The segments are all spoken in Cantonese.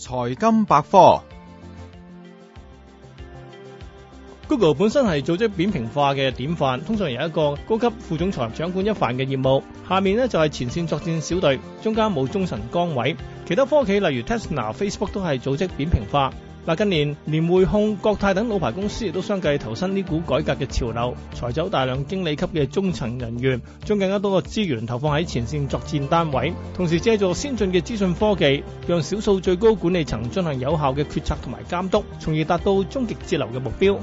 財金百科，Google 本身係組織扁平化嘅典範，通常由一個高級副總裁掌管一瓣嘅業務，下面呢，就係前線作戰小隊，中間冇中層崗位，其他科企例如 Tesla、Facebook 都係組織扁平化。嗱，近年連滙控、國泰等老牌公司亦都相繼投身呢股改革嘅潮流，裁走大量經理級嘅中層人員，將更加多嘅資源投放喺前線作戰單位，同時借助先進嘅資訊科技，讓少數最高管理層進行有效嘅決策同埋監督，從而達到終極節流嘅目標。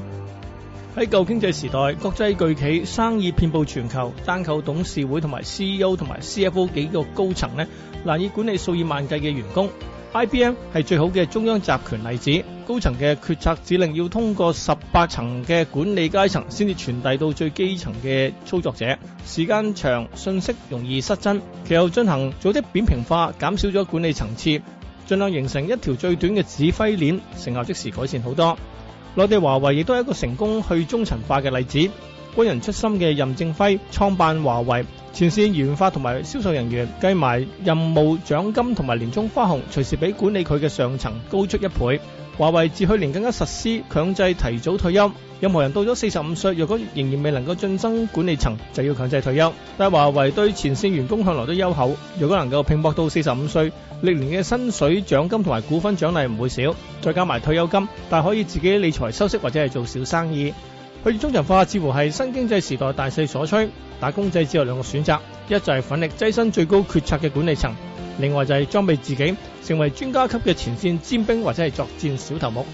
喺舊經濟時代，國際巨企生意遍布全球，單靠董事會同埋 CEO 同埋 CFO 幾個高層呢，難以管理數以萬計嘅員工。IBM 係最好嘅中央集權例子，高層嘅決策指令要通過十八層嘅管理階層，先至傳遞到最基層嘅操作者。時間長，信息容易失真。其後進行組織扁平化，減少咗管理層次，盡量形成一條最短嘅指揮鏈，成效即時改善好多。內地華為亦都係一個成功去中層化嘅例子。本人出身嘅任正非創辦華為，前線研發同埋銷售人員計埋任務獎金同埋年終花紅，隨時比管理佢嘅上層高出一倍。華為自去年更加實施強制提早退休，任何人到咗四十五歲，若果仍然未能夠晉升管理層，就要強制退休。但係華為對前線員工向來都優厚，若果能夠拼搏到四十五歲，歷年嘅薪水、獎金同埋股份獎勵唔會少，再加埋退休金，但係可以自己理財、收息或者係做小生意。去中層化似乎係新經濟時代大勢所趨，打工仔只有兩個選擇，一就係奮力躋身最高決策嘅管理層，另外就係裝備自己成為專家級嘅前線尖兵，或者係作戰小頭目。